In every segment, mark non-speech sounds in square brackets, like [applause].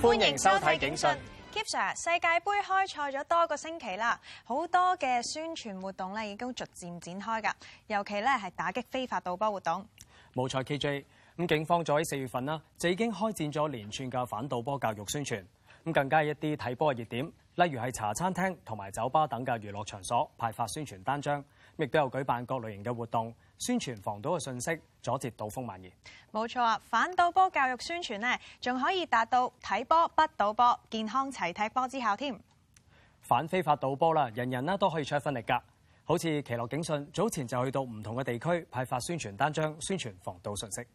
歡迎收睇警訊，Keep Sir，世界盃開賽咗多個星期啦，好多嘅宣傳活動咧已經逐漸展開噶，尤其咧係打擊非法賭波活動。冇錯，KJ。咁警方喺四月份啦，就已經開展咗連串嘅反賭波教育宣傳。咁更加係一啲睇波嘅熱點，例如係茶餐廳同埋酒吧等嘅娛樂場所派發宣傳單張，亦都有舉辦各類型嘅活動宣傳防賭嘅信息，阻截賭風蔓延。冇錯啊！反賭波教育宣傳呢，仲可以達到睇波不賭波、健康齊踢波之效添。反非法賭波啦，人人啦都可以出一分力噶。好似《奇樂警訊》早前就去到唔同嘅地區派發宣傳單張，宣傳防賭信息。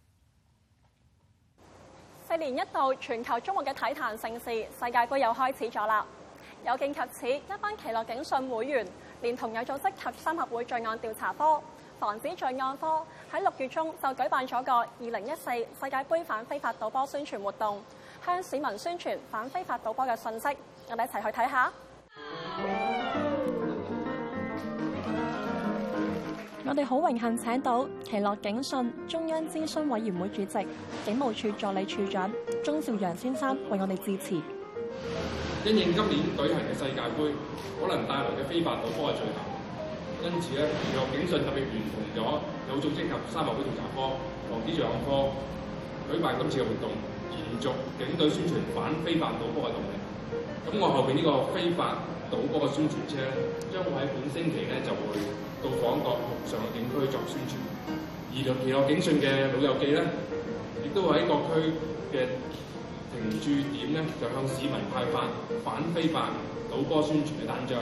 四年一度全球中國嘅體壇盛事世界盃又開始咗啦！有見及此，一班奇樂警訊會員連同有組織及三合會罪案調查科、防止罪案科喺六月中就舉辦咗個二零一四世界盃反非法賭波宣傳活動，向市民宣傳反非法賭波嘅信息。我哋一齊去睇下。我哋好榮幸請到奇樂警訊中央諮詢委員會主席警務處助理處長鍾兆陽先生為我哋致辭。因應今年舉行嘅世界杯，可能帶來嘅非法賭波係最大，因此咧，奇樂警訊特別懸紅咗，有組織及三合會調查科、防止上岸科，舉辦今次嘅活動，延續警隊宣傳反非法賭波嘅動力。咁我後邊呢個非法賭波嘅宣傳車，將會喺本星期咧就會到訪各上落警區作宣傳，而其警的《而落警訊》嘅老友記呢，亦都喺各區嘅停駐點呢，就向市民派發反非法賭波宣傳嘅單張，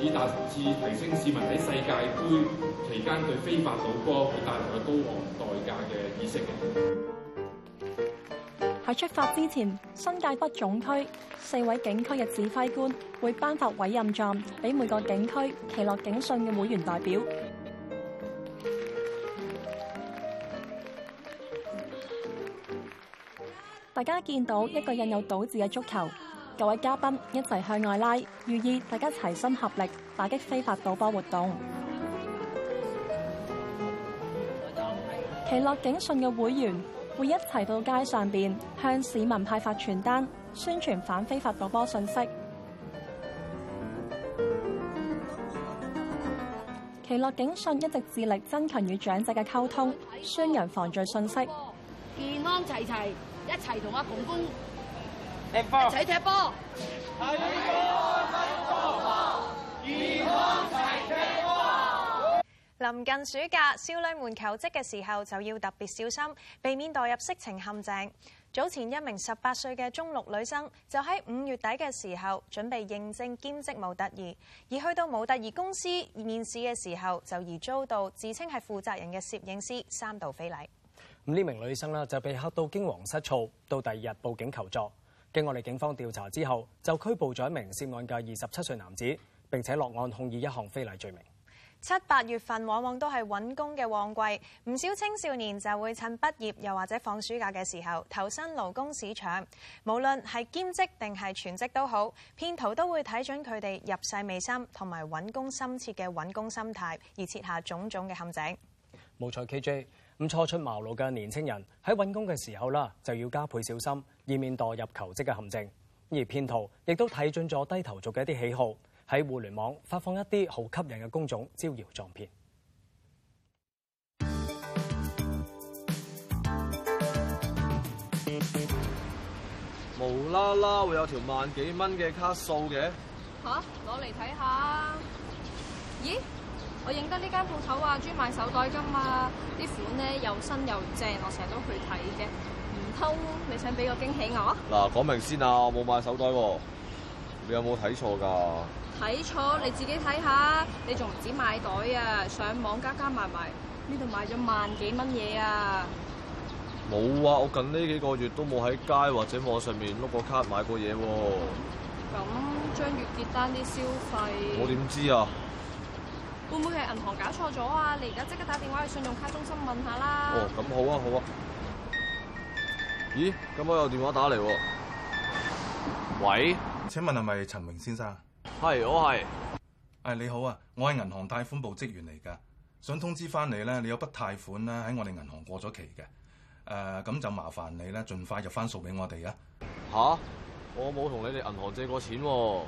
以達至提升市民喺世界盃期間對非法賭波會帶來嘅高昂代價嘅意識嘅。喺出發之前，新界北總區四位警區嘅指揮官會頒發委任狀俾每個警區奇樂警訊嘅會員代表。大家見到一個印有賭字嘅足球，各位嘉賓一齊向外拉，寓意大家齊心合力打擊非法賭博活動。奇樂警訊嘅會員。會一齊到街上邊，向市民派發傳單，宣傳反非法賭波信息。奇樂警訊一直致力增強與長者嘅溝通，宣揚防罪信息。健康齊齊，一齊同阿公公一齊踢波。踢臨近暑假，少女們求職嘅時候就要特別小心，避免墮入色情陷阱。早前一名十八歲嘅中六女生就喺五月底嘅時候準備應徵兼職模特兒，而去到模特兒公司面試嘅時候就而遭到自稱係負責人嘅攝影師三度非禮。咁呢名女生呢就被嚇到驚惶失措，到第二日報警求助。經我哋警方調查之後，就拘捕咗一名涉案嘅二十七歲男子，並且落案控以一項非禮罪名。七八月份往往都係揾工嘅旺季，唔少青少年就會趁畢業又或者放暑假嘅時候投身勞工市場。無論係兼職定係全職都好，騙徒都會睇準佢哋入世未深同埋揾工深切嘅揾工心態，而設下種種嘅陷阱。冇錯，KJ，咁初出茅廬嘅年青人喺揾工嘅時候啦，就要加倍小心，以免墮入求職嘅陷阱。而騙徒亦都睇準咗低頭族嘅一啲喜好。喺互聯網發放一啲好吸引嘅工種，招搖撞騙。無啦啦會有條萬幾蚊嘅卡數嘅吓，攞嚟睇下。咦，我認得呢間鋪頭啊，專賣手袋噶嘛，啲款咧又新又正，我成日都去睇嘅。唔通，你想俾個驚喜我？嗱，講明先啊，先我冇買手袋喎，你有冇睇錯噶？睇錯？你自己睇下，你仲唔止買袋啊？上網加加埋埋，呢度買咗萬幾蚊嘢啊！冇啊，我近呢幾個月都冇喺街或者網上面碌個卡買過嘢喎、啊。咁、嗯、將月結單啲消費我點知啊？會唔會係銀行搞錯咗啊？你而家即刻打電話去信用卡中心問下啦、啊。哦，咁好啊，好啊。咦，咁我有電話打嚟、啊。喂，請問係咪陳明先生？係，我係。誒，你好啊，我係銀行貸款部職員嚟噶，想通知翻你咧，你有筆貸款咧喺我哋銀行過咗期嘅。誒、呃，咁就麻煩你咧，盡快入翻數俾我哋啊。吓？我冇同你哋銀行借過錢、啊。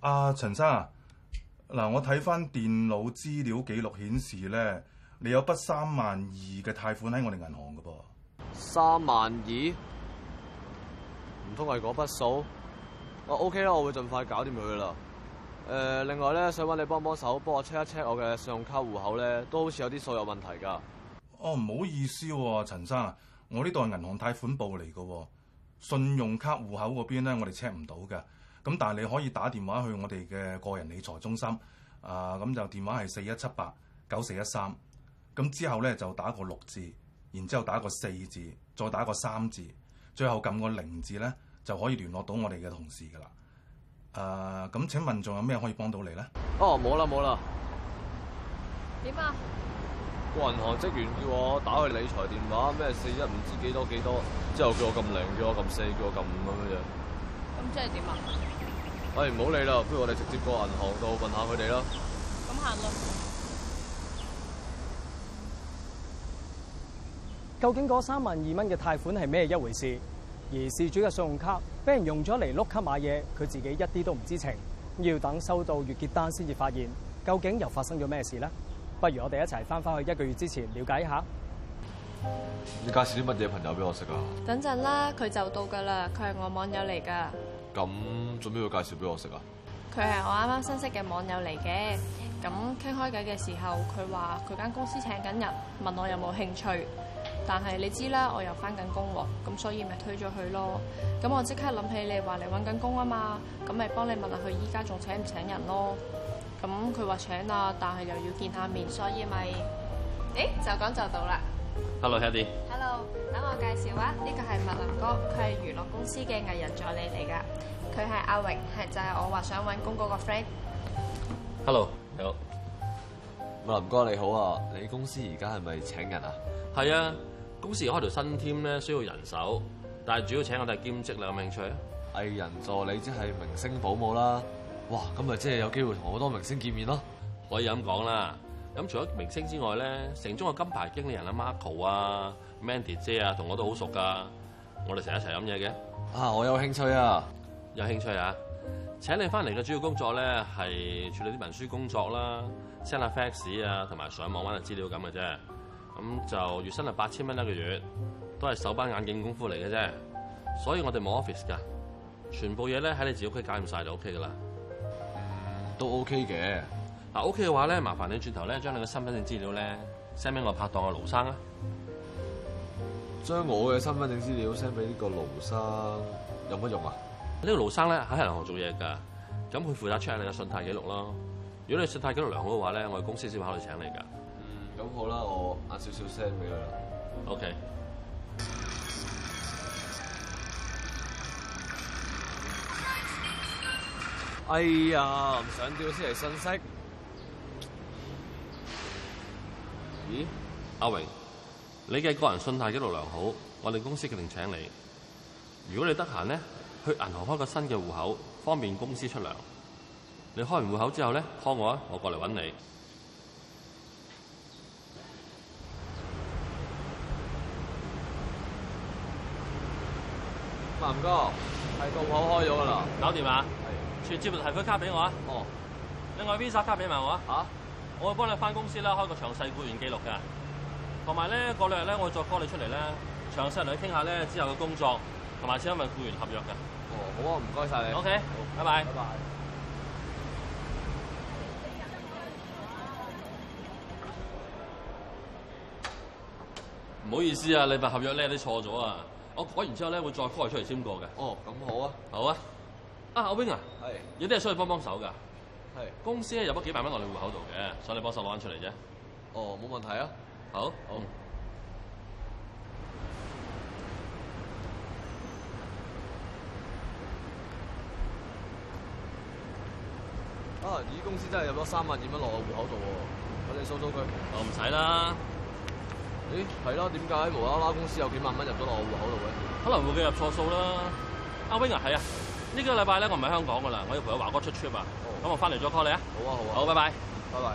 阿、啊、陳、啊、生啊，嗱、啊，我睇翻電腦資料記錄顯示咧，你有筆三萬二嘅貸款喺我哋銀行噶噃。三萬二？唔通係嗰筆數，oh？OK 啦，我會盡快搞掂佢啦。誒、uh，另外咧，想揾你幫幫手，幫我 check 一 check 我嘅信用卡戶口咧，都好似有啲數有問題噶。哦，唔好意思、啊，陳生，我呢度係銀行貸款部嚟噶、哦，信用卡戶口嗰邊咧，我哋 check 唔到噶。咁但係你可以打電話去我哋嘅個人理財中心，啊，咁就電話係四一七八九四一三。咁之後咧就打個六字，然之後打個四字，再打個三字。最後撳個零字咧，就可以聯絡到我哋嘅同事噶啦。誒、呃，咁請問仲有咩可以幫到你咧？哦，冇啦冇啦。點啊？個銀行職員叫我打去理財電話，咩四一唔知幾多幾多，之後叫我撳零，叫我撳四，叫我撳五咁樣。咁即係點啊？哎，唔好理啦，不如我哋直接過銀行度問下佢哋啦。咁行啦。究竟嗰三萬二蚊嘅貸款係咩一回事？而事主嘅信用卡俾人用咗嚟碌卡買嘢，佢自己一啲都唔知情，要等收到月結單先至發現。究竟又發生咗咩事呢？不如我哋一齊翻翻去一個月之前，了解一下。你介紹啲乜嘢朋友俾我識啊？等陣啦，佢就到噶啦。佢係我網友嚟噶。咁做咩要介紹俾我識啊？佢係我啱啱新識嘅網友嚟嘅。咁傾開偈嘅時候，佢話佢間公司請緊人，問我有冇興趣。但係你知啦，我又翻緊工喎，咁所以咪推咗佢咯。咁我即刻諗起你話你搵緊工啊嘛，咁咪幫你問下佢依家仲請唔請人咯。咁佢話請啊，但係又要見下面，所以咪誒就講就，就到啦。Hello，Hedy，Hello，等我介紹啊，呢個係麥林哥，佢係娛樂公司嘅藝人助理嚟噶。佢係阿榮，係就係我話想搵工嗰個 friend。Hello，你好，麥林哥你好啊，你公司而家係咪請人啊？係啊。公司開條新添咧，需要人手，但係主要請我哋兼職啦，有冇趣啊？藝人助理即係明星保姆啦，哇！咁咪即係有機會同好多明星見面咯。可以咁講啦。咁除咗明星之外咧，城中嘅金牌經理人阿 m a r c o 啊，Mandy 姐啊，同我都好熟噶，我哋成日一齊飲嘢嘅。啊，我有興趣啊，有興趣啊！請你翻嚟嘅主要工作咧係處理啲文書工作啦，send 下 fax 啊，同埋上網揾下資料咁嘅啫。咁就月薪係八千蚊一個月，都係手板眼見功夫嚟嘅啫。所以我哋冇 office 噶全部嘢咧，喺你自己屋企搞掂晒就 OK 噶啦，都 OK 嘅。嗱 OK 嘅話咧，麻煩你轉頭咧，將你嘅身份證資料咧 send 俾我拍檔嘅盧生啊。將我嘅身份證資料 send 俾呢個盧生，有乜用啊？呢個盧生咧喺銀行做嘢噶，咁佢負責 check 你嘅信貸記錄咯。如果你信貸記錄良好嘅話咧，我哋公司先考慮請你噶好啦，我壓少少聲俾佢啦。OK。哎呀，唔想掉先嚟信息。咦、欸？阿榮，你嘅個人信貸一路良好，我哋公司決定請你。如果你得閒呢，去銀行開個新嘅戶口，方便公司出糧。你開完戶口之後咧，call 我啊，我過嚟揾你。林哥，係咁好開咗啦，搞掂啊！係，全接埋提款卡俾我啊！哦，另外 VISA 卡俾埋我啊！吓，我會幫你翻公司啦，開個詳細僱員記錄噶，同埋咧過兩日咧，我會再 call 你出嚟咧，詳細同你傾下咧之後嘅工作同埋請一份僱員合約噶。哦，好啊，唔該晒你。O、okay? K，拜拜。拜拜。唔好意思啊，你份合約咧你啲錯咗啊。我改完之後咧，會再 call，出嚟簽過嘅。哦，咁好啊。好啊。啊，阿 wing 啊，係有啲嘢需要幫幫手㗎。係。公司咧入咗幾百蚊落你戶口度嘅，所以你幫手攞翻出嚟啫。哦，冇問題啊。好，好。嗯、啊，你公司真係入咗三萬幾蚊落我戶口度喎，我哋數數佢。我唔使啦。誒、哎，係啦、啊，點解無啦啦公司有幾萬蚊入咗落我戶口度嘅？可能會計入錯數啦。阿 Wing 啊，係啊，呢個禮拜咧我唔喺香港噶啦，我要陪阿華哥出 trip 啊，咁、哦、我翻嚟再 call 你啊。好啊，好啊，好，拜拜，拜拜。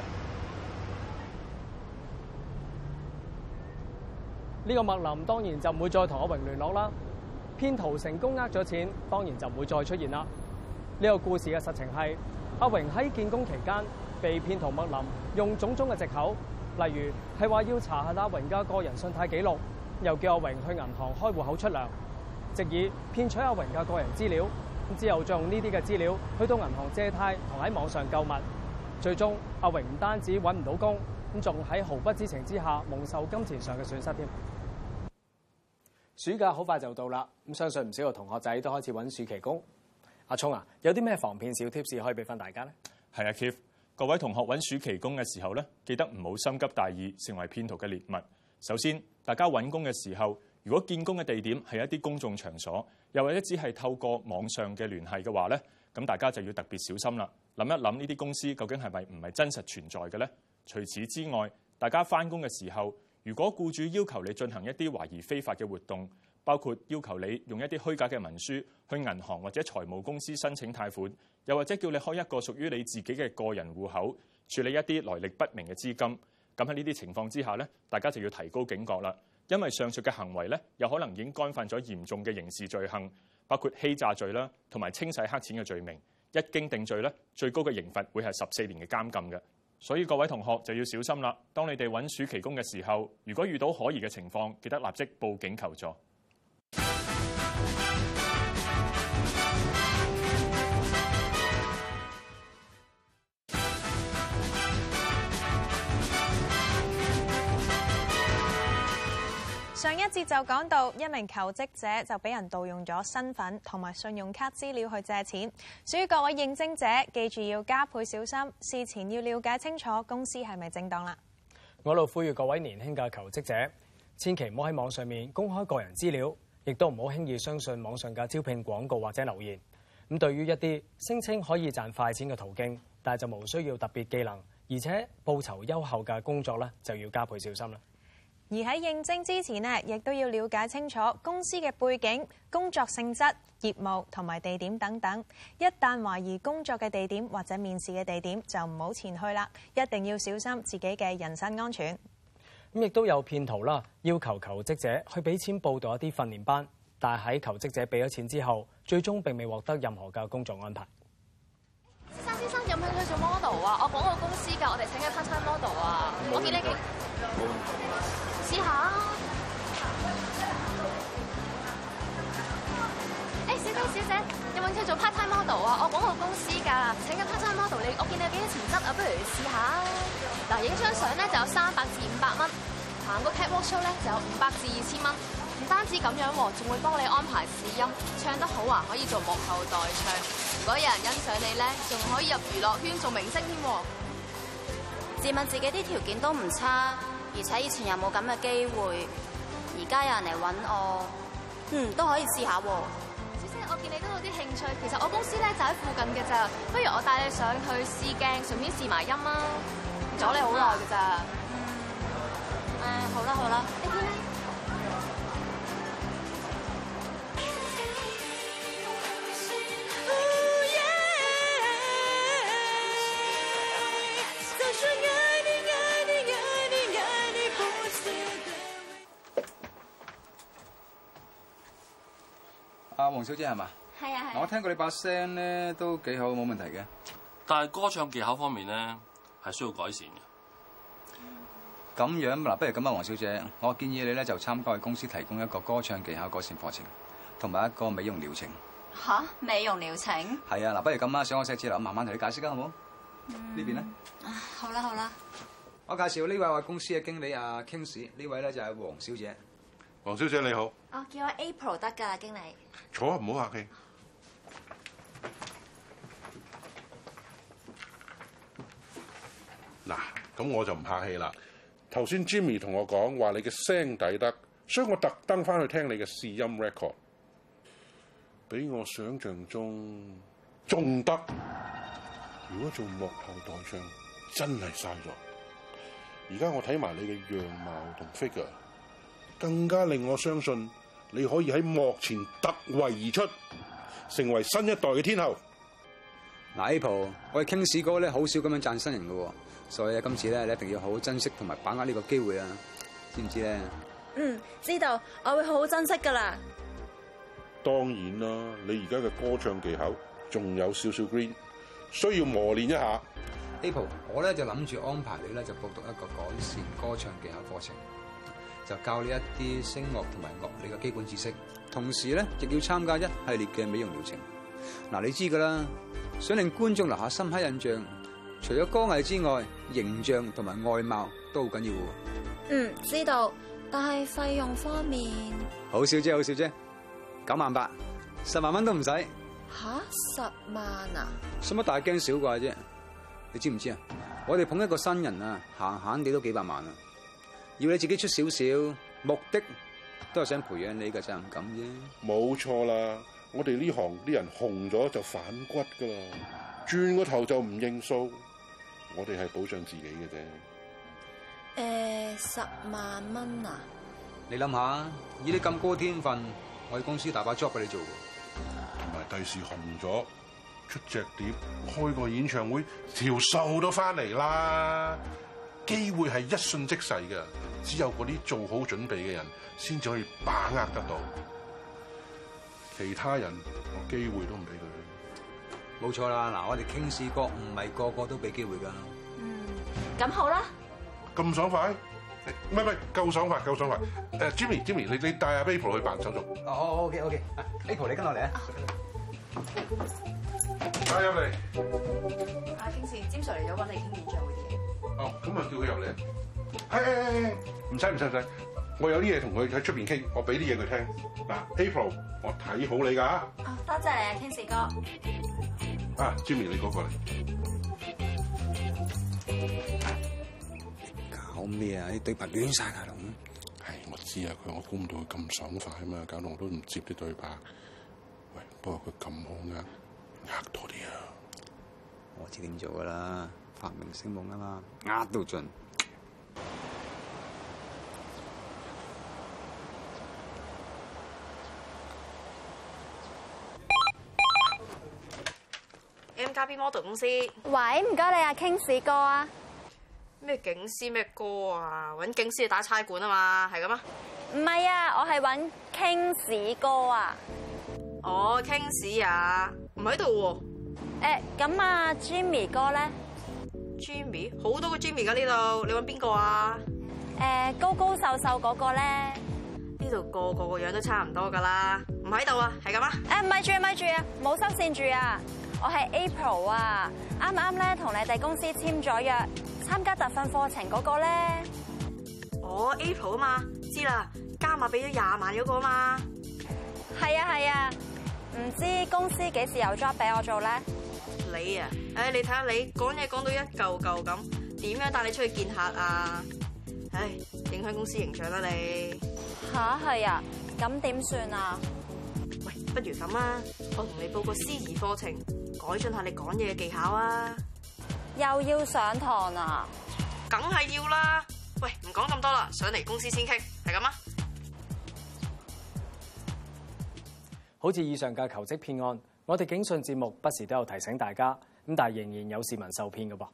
呢、這個麥林當然就唔會再同阿榮聯絡啦。騙徒成功呃咗錢，當然就唔會再出現啦。呢、這個故事嘅實情係阿榮喺見工期間被騙徒麥林用種種嘅藉口。例如係話要查下阿榮嘅個人信貸記錄，又叫阿榮去銀行開戶口出糧，直以騙取阿榮嘅個人資料，之後再用呢啲嘅資料去到銀行借貸同喺網上購物，最終阿榮唔單止搵唔到工，咁仲喺毫不知情之下蒙受金錢上嘅損失添。暑假好快就到啦，咁相信唔少嘅同學仔都開始搵暑期工。阿聰啊，有啲咩防騙小貼士可以俾翻大家咧？係啊，Keith。Keep. 各位同學揾暑期工嘅時候咧，記得唔好心急大意，成為騙徒嘅獵物。首先，大家揾工嘅時候，如果見工嘅地點係一啲公眾場所，又或者只係透過網上嘅聯繫嘅話咧，咁大家就要特別小心啦。諗一諗呢啲公司究竟係咪唔係真實存在嘅咧？除此之外，大家返工嘅時候，如果僱主要求你進行一啲懷疑非法嘅活動，包括要求你用一啲虛假嘅文書去銀行或者財務公司申請貸款，又或者叫你開一個屬於你自己嘅個人戶口處理一啲來歷不明嘅資金。咁喺呢啲情況之下咧，大家就要提高警覺啦，因為上述嘅行為咧，有可能已經干犯咗嚴重嘅刑事罪行，包括欺詐罪啦，同埋清洗黑錢嘅罪名。一經定罪咧，最高嘅刑罰會係十四年嘅監禁嘅。所以各位同學就要小心啦。當你哋揾暑期工嘅時候，如果遇到可疑嘅情況，記得立即報警求助。上一節就講到一名求職者就俾人盜用咗身份同埋信用卡資料去借錢，所以各位應徵者記住要加倍小心，事前要了解清楚公司係咪正當啦。我度呼籲各位年輕嘅求職者，千祈唔好喺網上面公開個人資料，亦都唔好輕易相信網上嘅招聘廣告或者留言。咁對於一啲聲稱可以賺快錢嘅途徑，但係就無需要特別技能，而且報酬優厚嘅工作咧，就要加倍小心啦。而喺應徵之前呢亦都要了解清楚公司嘅背景、工作性質、業務同埋地點等等。一旦懷疑工作嘅地點或者面試嘅地點，就唔好前去啦。一定要小心自己嘅人身安全。咁亦都有騙徒啦，要求求職者去俾錢報讀一啲訓練班，但係求職者俾咗錢之後，最終並未獲得任何嘅工作安排。先生，先生，有冇去做 model 啊？我廣告公司噶，我哋請一 part-time model 啊，我見你幾？part-time model 啊，我廣告公司噶，請個 part-time model 你我見你有幾多潛質啊，不如嚟試下啊！嗱，影張相咧就有三百至五百蚊，行個 catwalk show 咧就有五百至二千蚊，唔單止咁樣，仲會幫你安排試音，唱得好啊可以做幕後代唱，如果有人欣賞你咧，仲可以入娛樂圈做明星添。自問自己啲條件都唔差，而且以前又冇咁嘅機會，而家有人嚟搵我，嗯都可以試下喎見你都有啲興趣，其實我公司咧就喺附近嘅咋，不如我帶你上去試鏡，順便試埋音啊！唔阻你好耐嘅咋，嗯嗯，誒好啦好啦，拜拜。王小姐係嘛？係啊，係、啊。我聽過你把聲咧都幾好，冇問題嘅。但係歌唱技巧方面咧，係需要改善嘅。咁、嗯、樣嗱，不如咁啊，王小姐，我建議你咧就參加我哋公司提供一個歌唱技巧改善課程，同埋一個美容療程。吓，美容療程？係啊，嗱，不如咁啊，上我寫字樓，慢慢同你解釋啦，好唔好？嗯、邊呢邊咧、啊？好啦，好啦。我介紹呢位我哋公司嘅經理啊 King Sir 呢位咧就係、是、王小姐。黃小姐你好，我、oh, 叫我 April 得噶啦，經理。坐，唔好客氣。嗱，咁我就唔客氣啦。頭先 [music] Jimmy 同我講話你嘅聲底得，所以我特登翻去聽你嘅試音 record，比我想象中仲得。如果做幕後代唱，真係嘥咗。而家我睇埋你嘅樣貌同 figure。更加令我相信你可以喺幕前突圍而出，成為新一代嘅天后。啊，Apple，我哋 King Sir 哥咧好少咁樣讚新人噶，所以今次咧你一定要好好珍惜同埋把握呢個機會啊，知唔知咧？嗯，知道，我會好好珍惜噶啦。當然啦，你而家嘅歌唱技巧仲有少少 green，需要磨練一下。Apple，我咧就諗住安排你咧就報讀一個改善歌唱技巧課程。就教你一啲聲樂同埋樂理嘅基本知識，同時咧亦要參加一系列嘅美容療程。嗱，你知噶啦，想令觀眾留下深刻印象，除咗歌藝之外，形象同埋外貌都好緊要。嗯，知道，但係費用方面，好少啫，好少啫，九萬八，十萬蚊都唔使。吓，十萬啊？使乜大驚小怪啫？你知唔知啊？我哋捧一個新人啊，閒閒哋都幾百萬啊！要你自己出少少，目的都係想培養你嘅責任感啫。冇錯啦，我哋呢行啲人紅咗就反骨噶啦，轉個頭就唔認數。我哋係保障自己嘅啫。誒、欸，十萬蚊啊！你諗下，以你咁高嘅天分，我哋公司大把 job 俾你做。同埋第時紅咗出隻碟，開個演唱會，條數都翻嚟啦。機會係一瞬即逝嘅，只有嗰啲做好準備嘅人先至可以把握得到。其他人，我機會都唔俾佢。冇錯啦，嗱，我哋傾試過唔係個個都俾機會㗎。嗯，咁好啦。咁爽快？唔係唔係，夠爽快，夠爽快。誒，Jimmy，Jimmy，你你帶阿 April 去辦手續。哦，OK，OK，April，你跟我嚟啊。阿阿 Billy，阿敬善，Jimmy 嚟咗揾你傾演唱會啲嘢。哦，咁啊，叫佢入嚟。哎哎哎，唔使唔使唔使，我有啲嘢同佢喺出邊傾，我俾啲嘢佢聽。嗱，April，我睇好你噶。啊、哦，多謝你啊，Kings 哥。啊，Jimmy，你過嚟。你搞咩啊？啲對白亂晒噶，咁。係，我知啊，佢我估唔到佢咁爽快啊嘛，搞到我都唔接啲對白。喂，不過佢咁好啊，呃多啲啊。我知點做噶啦。明星夢噶嘛？呃到盡。M 加 B model 公司，喂，唔該你阿 King Sir 哥啊？咩警司咩、啊啊、哥啊？搵警司打差館啊嘛，係咁啊？唔係啊，我係搵 King Sir 哥啊。哦，King Sir 呀，唔喺度喎。誒，咁啊 Jimmy 哥咧？Jimmy，好多個 Jimmy 噶，呢度，你揾邊個啊？誒，高高瘦瘦嗰個咧？呢度個個個樣都差唔多噶啦，唔喺度啊，係咁啊？誒，咪住咪住啊，冇收綫住啊，我係 April 啊，啱唔啱咧？同你哋公司簽咗約，參加集訓課程嗰個咧？哦，April 啊嘛，知啦，加碼俾咗廿萬嗰個啊嘛，係啊係啊，唔知公司幾時有 job 俾我做咧？你啊，哎，你睇下你講嘢講到一嚿嚿咁，點樣帶你出去見客啊？唉，影響公司形象啦，啊，你。吓係啊，咁點算啊？喂，不如咁啊，我同你報個司儀課程，改進下你講嘢嘅技巧啊。又要上堂啦？梗係要啦。喂，唔講咁多啦，上嚟公司先傾，係咁啊。好似以上嘅求職騙案。我哋警訊節目不時都有提醒大家，咁但係仍然有市民受騙噶噃。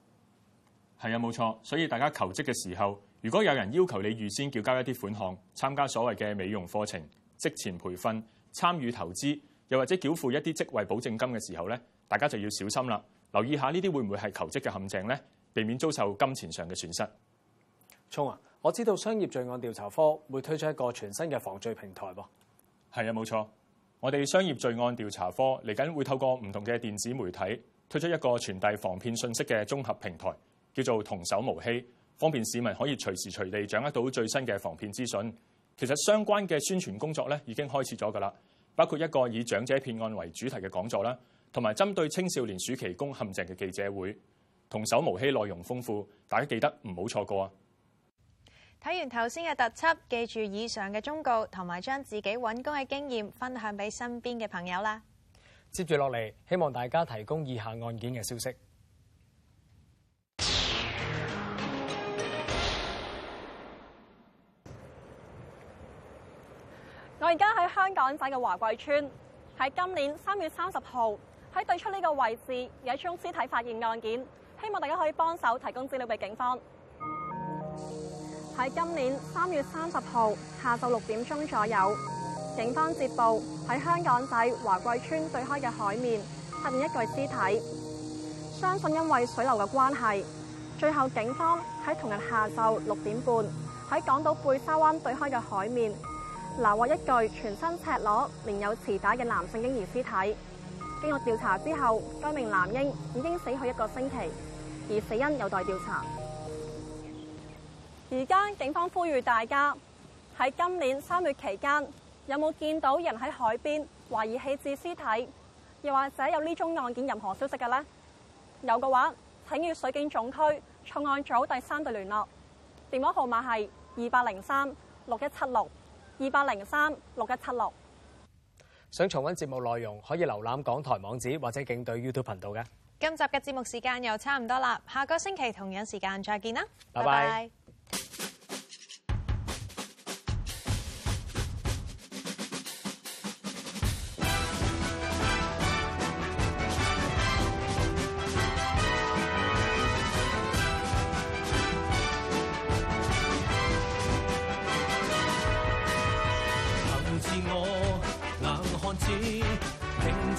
係啊，冇錯。所以大家求職嘅時候，如果有人要求你預先繳交一啲款項、參加所謂嘅美容課程、職前培訓、參與投資，又或者繳付一啲職位保證金嘅時候咧，大家就要小心啦。留意下呢啲會唔會係求職嘅陷阱咧，避免遭受金錢上嘅損失。聰啊，我知道商業罪案調查科會推出一個全新嘅防罪平台喎。係啊，冇錯。我哋商業罪案調查科嚟緊會透過唔同嘅電子媒體推出一個傳遞防騙訊息嘅綜合平台，叫做《同手無欺》，方便市民可以隨時隨地掌握到最新嘅防騙資訊。其實相關嘅宣傳工作咧已經開始咗㗎喇，包括一個以長者騙案為主題嘅講座啦，同埋針對青少年暑期工陷阱嘅記者會。《同手無欺》內容豐富，大家記得唔好錯過啊！睇完頭先嘅特輯，記住以上嘅忠告，同埋將自己揾工嘅經驗分享俾身邊嘅朋友啦。接住落嚟，希望大家提供以下案件嘅消息。我而家喺香港仔嘅華貴村，喺今年三月三十號喺對出呢個位置有一宗屍體發現案件，希望大家可以幫手提供資料俾警方。喺今年三月三十號下晝六點鐘左右，警方接報喺香港仔華貴村對開嘅海面發現一具屍體。相信因為水流嘅關係，最後警方喺同日下晝六點半喺港島貝沙灣對開嘅海面，拿獲一具全身赤裸、連有臍帶嘅男性嬰兒屍體。經過調查之後，該名男嬰已經死去一個星期，而死因有待調查。而家警方呼籲大家喺今年三月期間有冇見到人喺海邊懷疑棄置屍體，又或者有呢宗案件任何消息嘅呢？有嘅話，請與水警總區重案組第三隊聯絡，電話號碼係二八零三六一七六二八零三六一七六。想重温節目內容，可以瀏覽港台網址或者警隊 YouTube 頻道嘅。今集嘅節目時間又差唔多啦，下個星期同樣時間再見啦，拜拜。